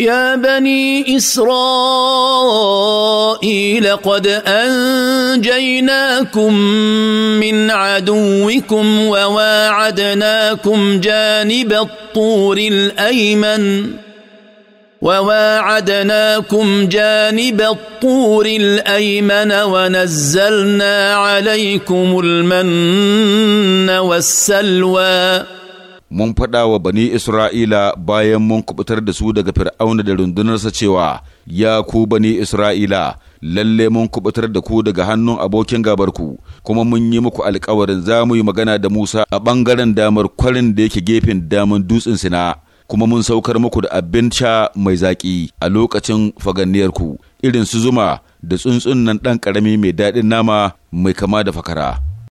يا بني اسرائيل قد انجيناكم من عدوكم وواعدناكم جانب الطور الايمن وواعدناكم جانب الطور الايمن ونزلنا عليكم المن والسلوى mun faɗa wa bani Isra'ila bayan mun kubutar da su daga fir'auna da rundunarsa cewa, Ya ku bani Isra'ila, lalle mun kubutar da ku daga hannun abokin gabarku, kuma mun yi muku alkawarin za mu yi magana da Musa a ɓangaren damar kwarin da yake gefen damar dutsen Sina, kuma mun saukar muku da abin sha mai zaƙi a lokacin faganniyarku, irin su zuma da tsuntsun ɗan ƙarami mai daɗin nama mai kama da fakara.